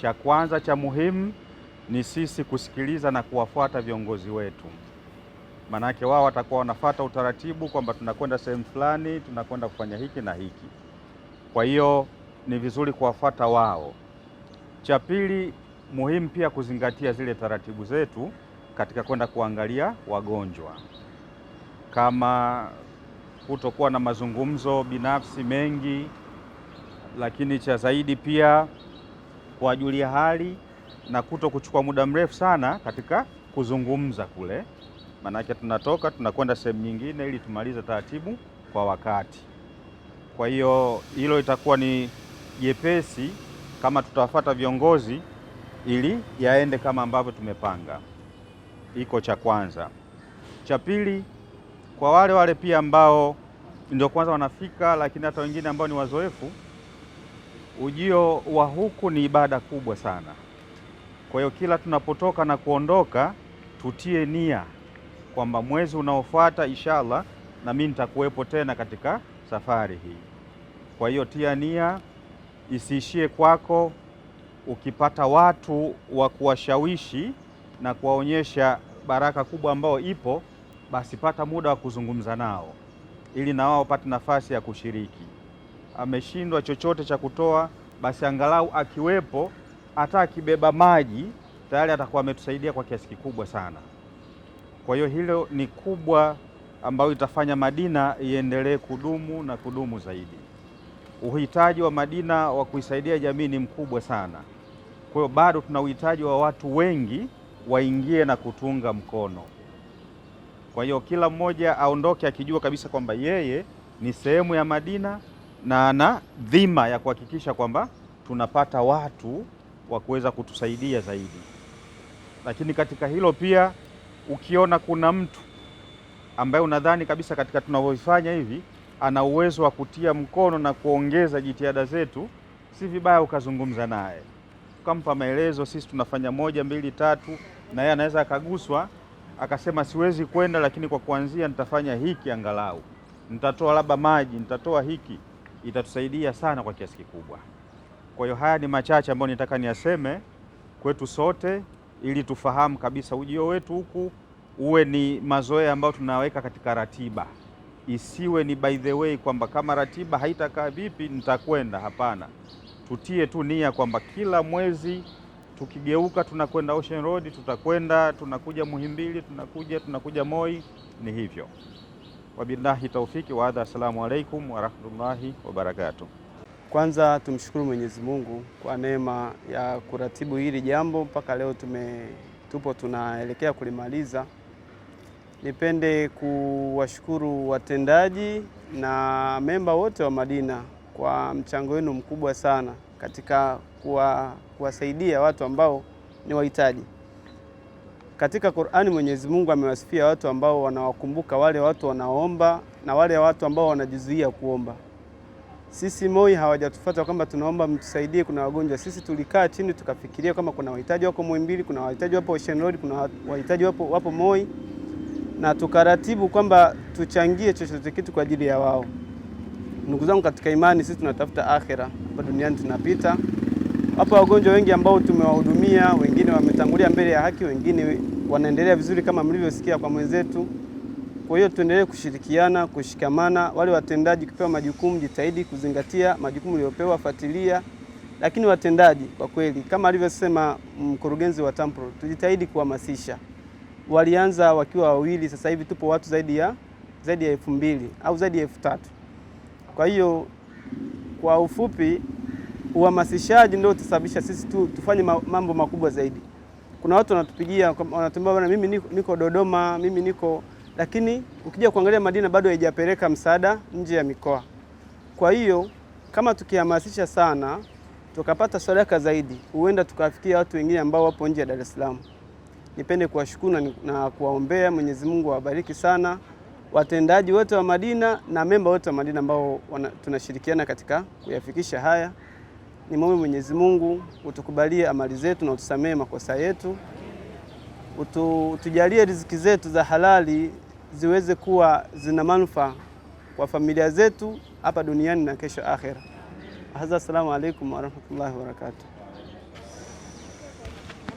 Cha kwanza cha muhimu ni sisi kusikiliza na kuwafuata viongozi wetu, maanake wao watakuwa wanafuata utaratibu kwamba tunakwenda sehemu fulani, tunakwenda kufanya hiki na hiki. Kwa hiyo ni vizuri kuwafuata wao. Cha pili muhimu pia kuzingatia zile taratibu zetu katika kwenda kuangalia wagonjwa, kama kutokuwa na mazungumzo binafsi mengi, lakini cha zaidi pia kuwajulia hali na kuto kuchukua muda mrefu sana katika kuzungumza kule, maanake tunatoka tunakwenda sehemu nyingine ili tumalize taratibu kwa wakati. Kwa hiyo hilo itakuwa ni jepesi kama tutawafata viongozi ili yaende kama ambavyo tumepanga. Iko cha kwanza. Cha pili, kwa wale wale pia ambao ndio kwanza wanafika, lakini hata wengine ambao ni wazoefu ujio wa huku ni ibada kubwa sana. Kwa hiyo kila tunapotoka na kuondoka, tutie nia kwamba mwezi unaofuata inshallah, na mimi nitakuwepo tena katika safari hii. Kwa hiyo tia nia, isiishie kwako. Ukipata watu wa kuwashawishi na kuwaonyesha baraka kubwa ambayo ipo, basi pata muda wa kuzungumza nao ili na wao wapate nafasi ya kushiriki ameshindwa chochote cha kutoa, basi angalau akiwepo hata akibeba maji tayari atakuwa ametusaidia kwa kiasi kikubwa sana. Kwa hiyo hilo ni kubwa ambayo itafanya Madina iendelee kudumu na kudumu zaidi. Uhitaji wa Madina wa kuisaidia jamii ni mkubwa sana. Kwa hiyo bado tuna uhitaji wa watu wengi waingie na kutunga mkono. Kwa hiyo kila mmoja aondoke akijua kabisa kwamba yeye ni sehemu ya Madina na ana dhima ya kuhakikisha kwamba tunapata watu wa kuweza kutusaidia zaidi. Lakini katika hilo pia, ukiona kuna mtu ambaye unadhani kabisa katika tunavyofanya hivi ana uwezo wa kutia mkono na kuongeza jitihada zetu, si vibaya ukazungumza naye ukampa maelezo, sisi tunafanya moja mbili tatu, na yeye anaweza akaguswa akasema siwezi kwenda, lakini kwa kuanzia nitafanya hiki, angalau nitatoa labda maji, nitatoa hiki itatusaidia sana kwa kiasi kikubwa. Kwa hiyo haya ni machache ambayo nitaka niyaseme kwetu sote, ili tufahamu kabisa ujio wetu huku uwe ni mazoea ambayo tunaweka katika ratiba, isiwe ni by the way kwamba kama ratiba haitakaa vipi nitakwenda. Hapana, tutie tu nia kwamba kila mwezi tukigeuka tunakwenda Ocean Road, tutakwenda tunakuja Muhimbili, tunakuja tunakuja Moi, ni hivyo. Wabillahi taufiki wa assalamu alaikum warahmatullahi wabarakatuh. Kwanza tumshukuru Mwenyezi Mungu kwa neema ya kuratibu hili jambo mpaka leo tume tupo tunaelekea kulimaliza. Nipende kuwashukuru watendaji na memba wote wa Madina kwa mchango wenu mkubwa sana katika kuwa, kuwasaidia watu ambao ni wahitaji. Katika Qur'ani Mwenyezi Mungu amewasifia watu ambao wanawakumbuka wale watu wanaomba na wale watu ambao wanajizuia kuomba. Sisi MOI hawajatufuata kwamba tunaomba mtusaidie, kuna wagonjwa. Sisi tulikaa chini tukafikiria kama kuna wahitaji wako Muhimbili, kuna wahitaji wapo Ocean Road, kuna wahitaji wapo, wapo MOI na tukaratibu kwamba tuchangie chochote kitu kwa ajili ya wao. Ndugu zangu katika imani, sisi tunatafuta akhera, hapa duniani tunapita. Wapo wagonjwa wengi ambao tumewahudumia, wengine wametangulia mbele ya haki, wengine wanaendelea vizuri kama mlivyosikia kwa mwenzetu. Kwa hiyo tuendelee kushirikiana, kushikamana. Wale watendaji kupewa majukumu, jitahidi kuzingatia majukumu uliopewa, fuatilia. Lakini watendaji kwa kweli, kama alivyosema mkurugenzi wa TAMPRO, tujitahidi kuhamasisha. Walianza wakiwa wawili, sasa hivi tupo watu zaidi ya zaidi ya elfu mbili au zaidi ya elfu tatu. Kwa hiyo kwa ufupi uhamasishaji ndio utasababisha sisi tu, tufanye mambo makubwa zaidi. Kuna watu wanatupigia wanatuambia, bwana, mimi niko, niko Dodoma, mimi niko lakini, ukija kuangalia Madina bado haijapeleka msaada nje ya mikoa. Kwa hiyo kama tukihamasisha sana tukapata sadaka zaidi, huenda tukawafikia watu wengine ambao wapo nje ya Dar es Salaam. Nipende kuwashukuru na kuwaombea, Mwenyezi Mungu awabariki sana watendaji wote wa Madina na memba wote wa Madina ambao tunashirikiana katika kuyafikisha haya mwombe Mwenyezi Mungu utukubalie amali zetu na utusamee makosa yetu, utujalie riziki zetu za halali ziweze kuwa zina manufaa kwa familia zetu hapa duniani na kesho akhera. Hadha, assalamu alaikum warahmatullahi wabarakatuh.